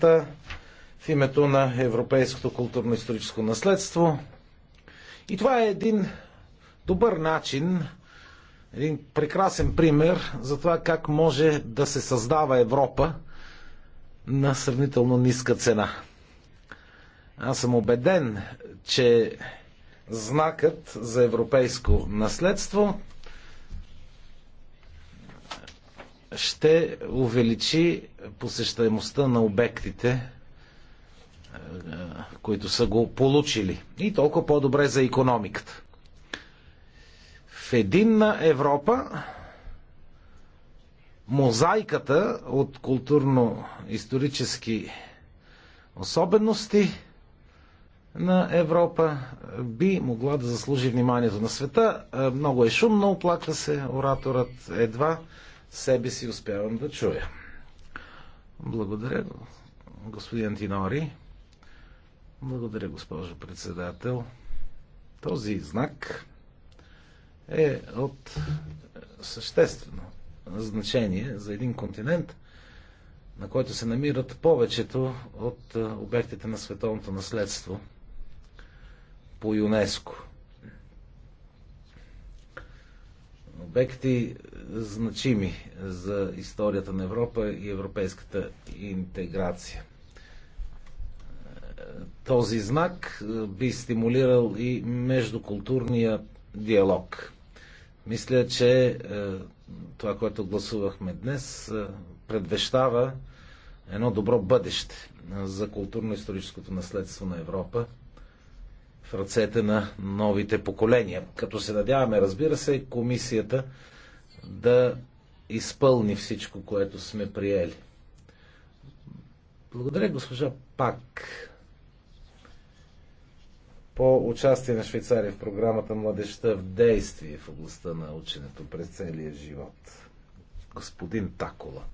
Та, в името на европейското културно-историческо наследство. И това е един добър начин, един прекрасен пример за това как може да се създава Европа на сравнително ниска цена. Аз съм убеден, че знакът за европейско наследство ще увеличи посещаемостта на обектите, е, които са го получили. И толкова по-добре за економиката. В единна Европа мозайката от културно-исторически особености на Европа би могла да заслужи вниманието на света. Е, много е шумно, оплаква се ораторът едва себе си успявам да чуя. Благодаря, господин Тинори. Благодаря, госпожо председател. Този знак е от съществено значение за един континент, на който се намират повечето от обектите на световното наследство по ЮНЕСКО. обекти, е, значими за историята на Европа и европейската интеграция. Е, този знак е, би стимулирал и междукултурния диалог. Мисля, че това, което гласувахме днес, предвещава едно добро бъдеще за културно-историческото наследство на Европа – в ръцете на новите поколения. Като се надяваме, разбира се, комисията да изпълни всичко, което сме приели. Благодаря, госпожа Пак. По участие на Швейцария в програмата Младеща в действие в областта на ученето през целия живот. Господин Такола.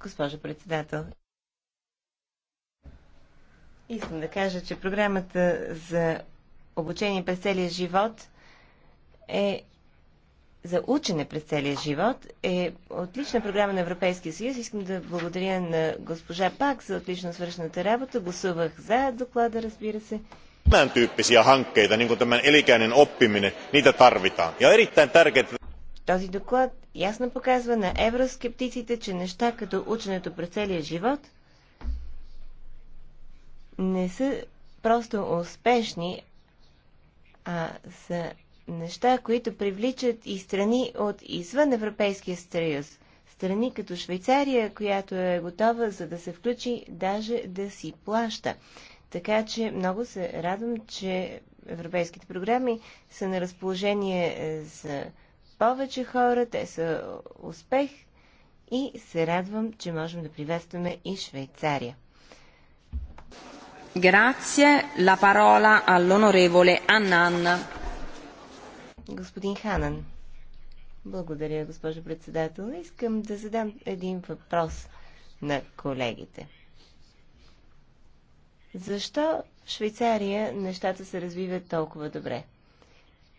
Госпожа председател, Искам да кажа, че програмата за обучение през целия живот е за учене през целия живот е отлична програма на Европейския съюз. Искам да благодаря на госпожа Пак за отлично свършената работа. Гласувах за доклада, разбира се. Tämän tyyppisiä hankkeita, niin kuin tämän elikäinen oppiminen, niitä tarvitaan. Ja erittäin tärkeää... Този доклад ясно показва на евроскептиците, че неща като ученето през целия живот – не са просто успешни, а са неща, които привличат и страни от извън Европейския съюз. Страни като Швейцария, която е готова за да се включи, даже да си плаща. Така че много се радвам, че европейските програми са на разположение е, за повече хора, те са успех и се радвам, че можем да приветстваме и Швейцария. Грация. La Господин Ханан. Благодаря, госпожо председател. Искам да задам един въпрос на колегите. Защо в Швейцария нещата се развиват толкова добре?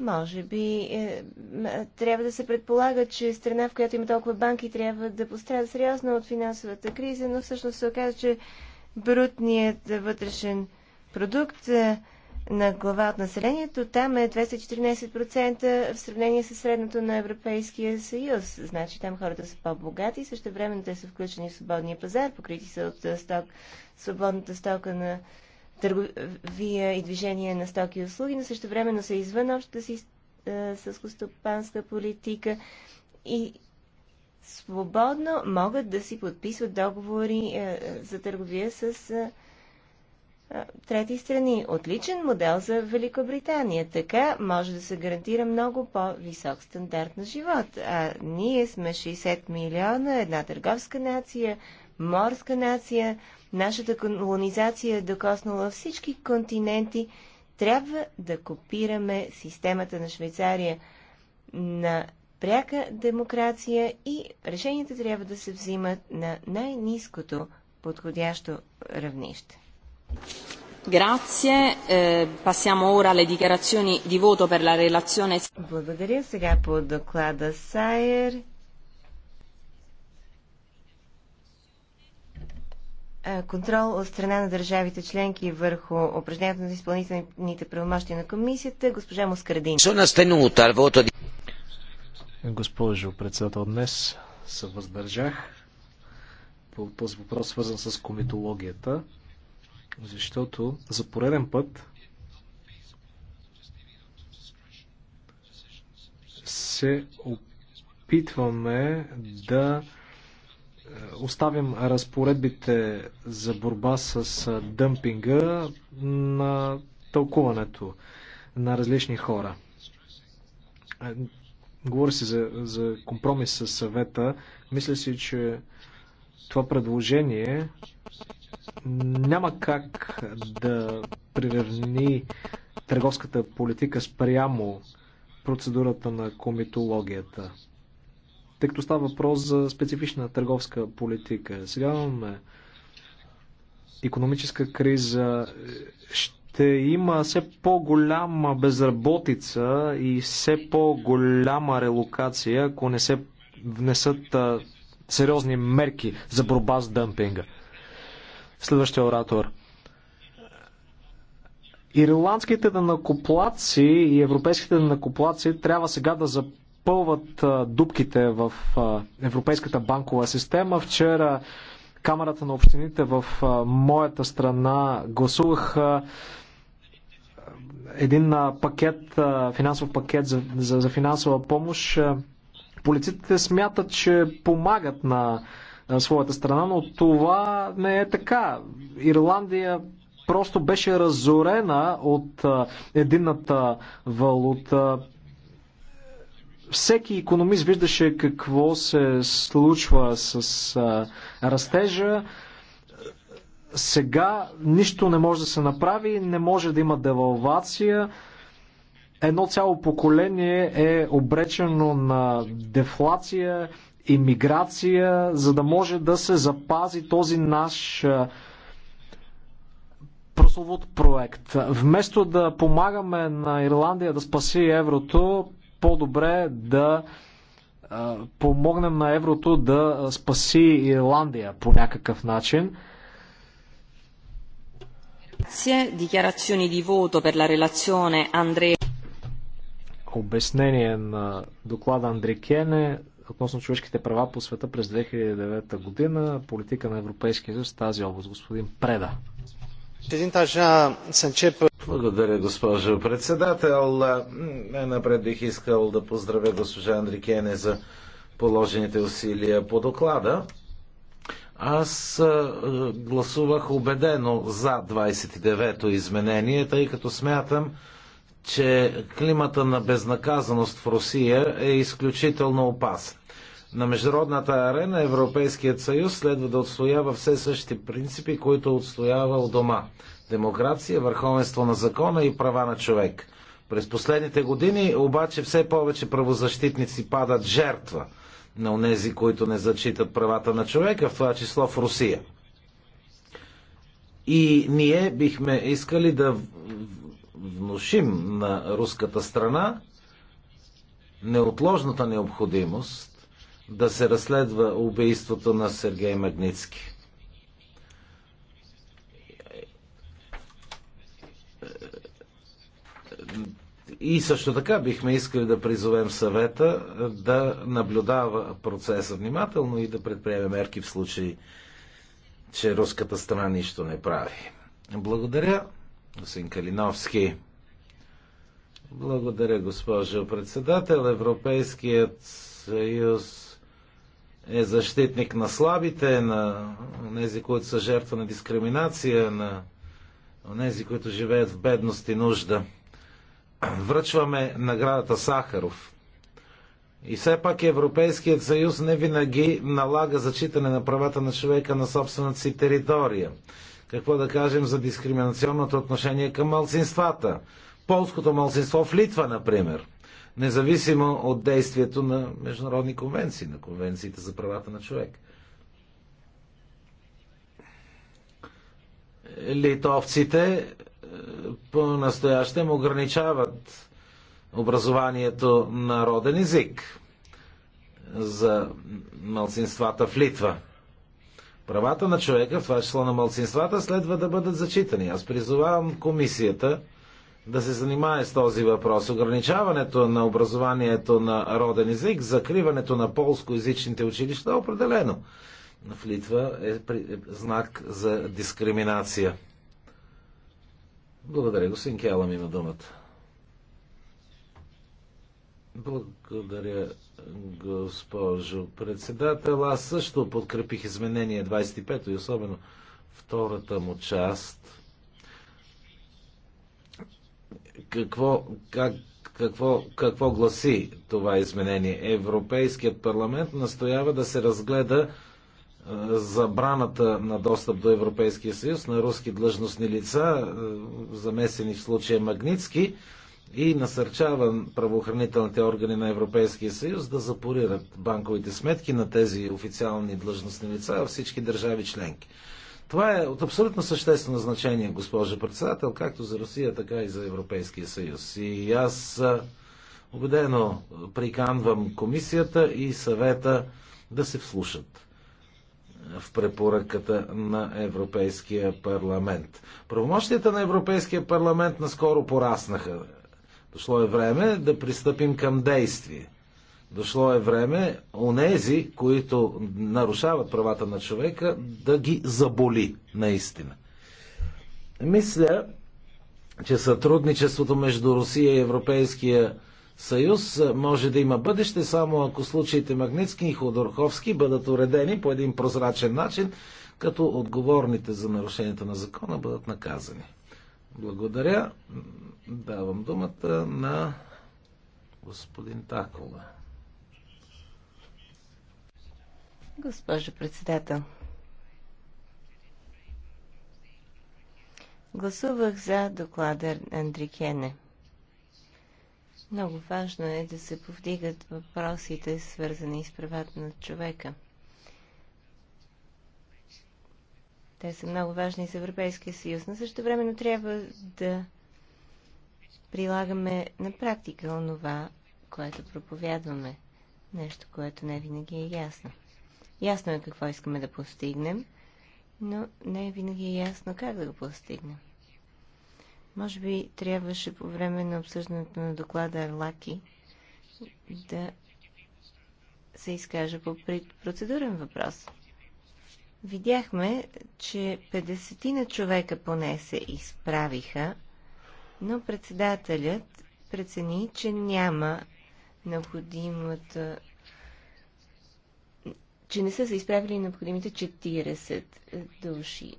Може би е, е, трябва да се предполага, че страна, в която има толкова банки, трябва да пострада сериозно от финансовата криза, но всъщност се оказа, че брутният вътрешен продукт е, на глава от населението, там е 214% в сравнение с средното на Европейския съюз. Значи там хората са по-богати, също времено те са включени в свободния пазар, покрити са от е, сток, свободната стока на търговия и движение на стоки и услуги, но също времено са извън общата си е, сълскостопанска политика и свободно могат да си подписват договори е, е за търговия с е, е, трети страни. Отличен модел за Великобритания. Така може да се гарантира много по-висок стандарт на живот. А ние сме 60 милиона, една търговска нация, морска нация, нашата колонизация е докоснала всички континенти. Трябва да копираме системата на Швейцария на пряка демокрация и решенията трябва да се взимат на най-низкото подходящо равнище. Grazie. passiamo ora alle dichiarazioni di voto per la relazione. Благодаря сега по доклада Сайер. Е, контрол от страна на държавите членки върху упражняването на изпълнителните правомощия на комисията, госпожа Москардин. Госпожо председател, днес се въздържах по този въпрос, свързан с комитологията, защото за пореден път се опитваме да е, оставим разпоредбите за борба с е, дъмпинга на тълкуването на различни хора. Говори се за, за компромис с съвета. Мисля си, че това предложение няма как да приравни търговската политика спрямо процедурата на комитологията. Тъй като става въпрос за специфична търговска политика. Сега имаме економическа криза. Ще ще има все по-голяма безработица и все по-голяма релокация, ако не се внесат а, сериозни мерки за борба с дъмпинга. Следващия оратор. Ирландските накоплаци и европейските накоплаци трябва сега да запълват дупките в европейската банкова система. Вчера Камерата на общините в моята страна гласувах един пакет, финансов пакет за, за, за финансова помощ. Полиците смятат, че помагат на своята страна, но това не е така. Ирландия просто беше разорена от единната валута всеки економист виждаше какво се случва с а, растежа. Сега нищо не може да се направи, не може да има девалвация. Едно цяло поколение е обречено на дефлация, иммиграция, за да може да се запази този наш прословут проект. Вместо да помагаме на Ирландия да спаси еврото, по-добре да помогнем на еврото да спаси Ирландия по някакъв начин. Обяснение на доклада Андре Кене относно човешките права по света през 2009 година, политика на Европейския съюз в тази област. Господин Преда. Președinte, aș благодаря, госпожо председател. Напред бих искал да поздравя госпожа Андрикене за положените усилия по доклада. Аз гласувах убедено за 29-то изменение, тъй като смятам, че климата на безнаказаност в Русия е изключително опасен. На международната арена Европейският съюз следва да отстоява все същите принципи, които отстоява у дома демокрация, върховенство на закона и права на човек. През последните години обаче все повече правозащитници падат жертва на онези, които не зачитат правата на човека, в това число в Русия. И ние бихме искали да внушим на руската страна неотложната необходимост да се разследва убийството на Сергей Магницки. И също така бихме искали да призовем съвета да наблюдава процеса внимателно и да предприеме мерки в случай, че руската страна нищо не прави. Благодаря, господин Калиновски. Благодаря, госпожо председател. Европейският съюз е защитник на слабите, на тези, които са жертва на дискриминация, на тези, които живеят в бедност и нужда връчваме наградата Сахаров. И все пак Европейският съюз не винаги налага зачитане на правата на човека на собствената си територия. Какво да кажем за дискриминационното отношение към малцинствата? Полското малцинство в Литва, например, независимо от действието на международни конвенции, на конвенциите за правата на човек. Литовците по-настоящем ограничават образованието на роден език за малцинствата в Литва. Правата на човека, в това число на малцинствата, следва да бъдат зачитани. Аз призовавам комисията да се занимае с този въпрос. Ограничаването на образованието на роден език, закриването на полскоязичните училища, е определено в Литва е, е знак за дискриминация. Благодаря. Господин ми има думата. Благодаря, госпожо председател. Аз също подкрепих изменение 25 то и особено втората му част. Какво, как, какво, какво гласи това изменение? Европейският парламент настоява да се разгледа забраната на достъп до Европейския съюз на руски длъжностни лица, е, замесени в случая Магницки, и насърчава правоохранителните органи на Европейския съюз да запорират банковите сметки на тези официални длъжностни лица във всички държави членки. Това е от абсолютно съществено значение, госпожа председател, както за Русия, така и за Европейския съюз. И аз е, убедено приканвам комисията и съвета да се вслушат в препоръката на Европейския парламент. Правомощията на Европейския парламент наскоро пораснаха. Дошло е време да пристъпим към действие. Дошло е време онези, които нарушават правата на човека, да ги заболи наистина. Мисля, че сътрудничеството между Русия и Европейския парламент съюз може да има бъдеще само ако случаите Магницки и Ходорховски бъдат уредени по един прозрачен начин, като отговорните за нарушенията на закона бъдат наказани. Благодаря. Давам думата на господин Такова. Госпожо председател, гласувах за доклада Андрикене. Много важно е да се повдигат въпросите, свързани с правата на човека. Те са много важни за Европейския съюз. но също време, трябва да прилагаме на практика онова, което проповядваме. Нещо, което не винаги е ясно. Ясно е какво искаме да постигнем, но не е винаги е ясно как да го постигнем. Може би трябваше по време на обсъждането на доклада Арлаки да се изкажа по процедурен въпрос. Видяхме, че 50 на човека поне се изправиха, но председателят прецени, че няма необходимата че не са се изправили необходимите 40 души.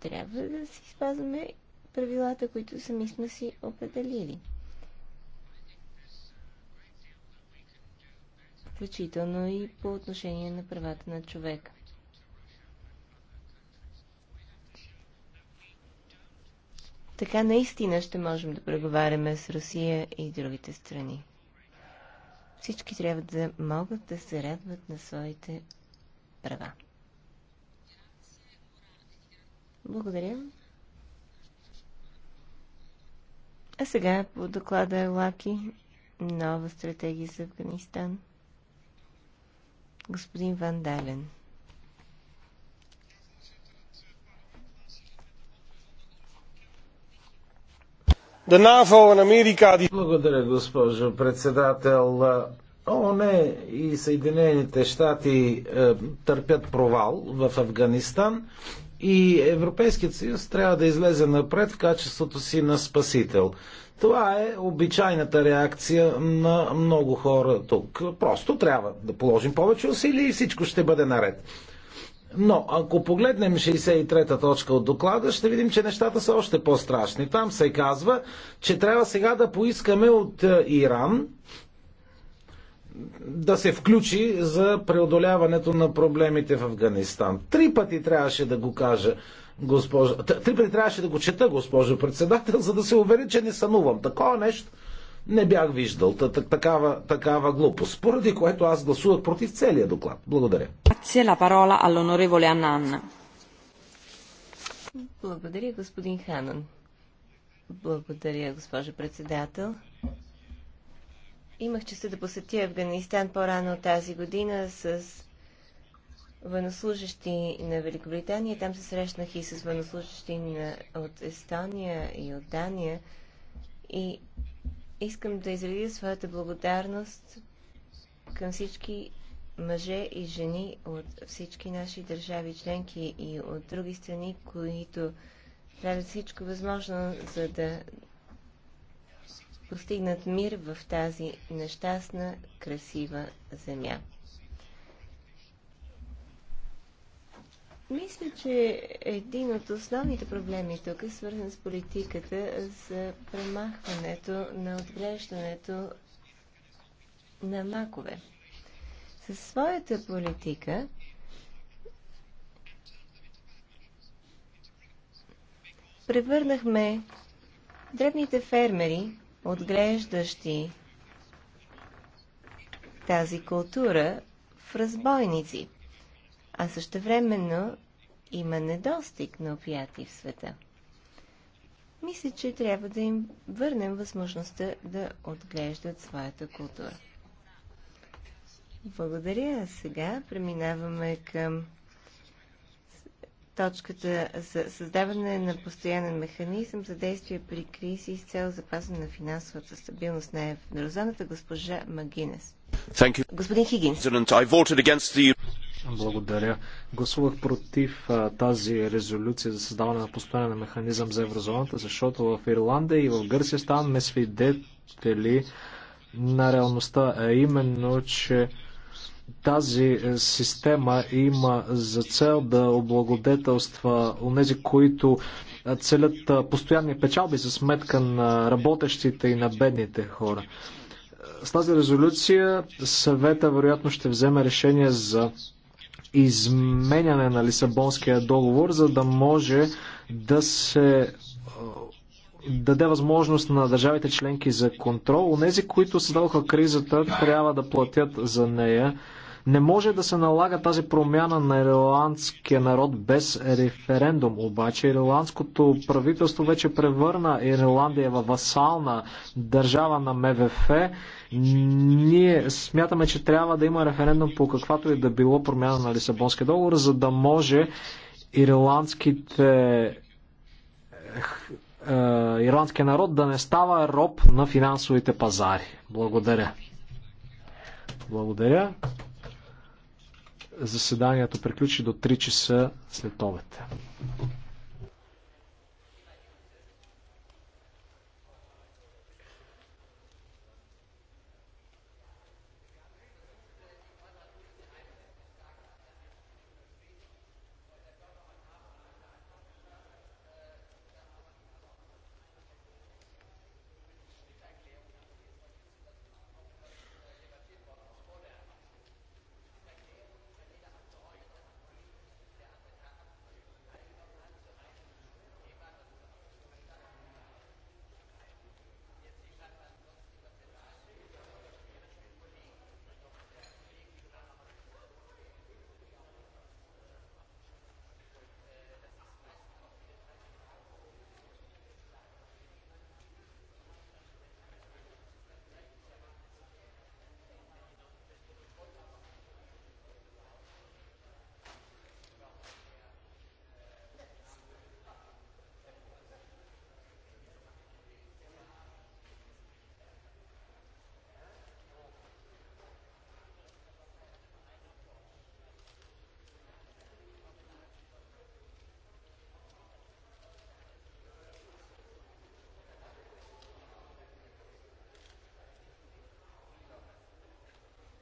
Трябва да си спазваме правилата, които сами сме си определили. Включително и по отношение на правата на човека. Така наистина ще можем да преговаряме с Русия и другите страни. Всички трябва да могат да се радват на своите права. Благодаря. А сега по доклада Лаки, нова стратегия за Афганистан. Господин Ван Дален. NAVO Благодаря, госпожо председател. ООН и Съединените щати е, търпят провал в Афганистан и Европейският съюз трябва да излезе напред в качеството си на спасител. Това е обичайната реакция на много хора тук. Просто трябва да положим повече усилия и всичко ще бъде наред. Но ако погледнем 63-та точка от доклада, ще видим, че нещата са още по-страшни. Там се казва, че трябва сега да поискаме от е, Иран да се включи за преодоляването на проблемите в Афганистан. Три пъти трябваше да го кажа, госпожа. Три пъти трябваше да го чета, госпожо председател, за да се увери, че не сънувам. Такова нещо не бях виждал. Такава, такава глупост. Поради което аз гласувах против целия доклад. Благодаря. Благодаря, господин Ханан. Благодаря, госпожо председател. Имах честа да посетя Афганистан по-рано тази година с военнослужащи на Великобритания. Там се срещнах и с военнослужащи на, от Естония и от Дания. И искам да изразя своята благодарност към всички мъже и жени от всички наши държави членки и от други страни, които правят всичко възможно, за да постигнат мир в тази нещастна, красива земя. Мисля, че един от основните проблеми тук е свързан с политиката за премахването на отглеждането на макове. Със своята политика превърнахме дребните фермери отглеждащи тази култура в разбойници, а същевременно има недостиг на опияти в света. Мисля, че трябва да им върнем възможността да отглеждат своята култура. Благодаря. Сега преминаваме към точката за създаване на постоянен механизъм за действие при кризи с цел запазване на финансовата стабилност на еврозоната, госпожа Магинес. Господин Хигинс. Благодаря. Гласувах против а, тази резолюция за създаване на постоянен механизъм за еврозоната, защото в Ирландия и в Гърция ставаме свидетели на реалността, а именно, че тази е, система има за цел да облагодетелства онези, които е, целят е, постоянни печалби за сметка на работещите и на бедните хора. С тази резолюция съвета вероятно ще вземе решение за изменяне на Лисабонския договор, за да може да се даде възможност на държавите членки за контрол. Онези, които създадоха кризата, трябва да платят за нея. Не може да се налага тази промяна на ирландския народ без референдум. Обаче ирландското правителство вече превърна Ирландия във васална държава на МВФ. Ние смятаме, че трябва да има референдум по каквато и да било промяна на Лисабонския договор, за да може ирландските е, ирландския народ да не става роб на финансовите пазари. Благодаря. Благодаря. Заседанието приключи до 3 часа след обед.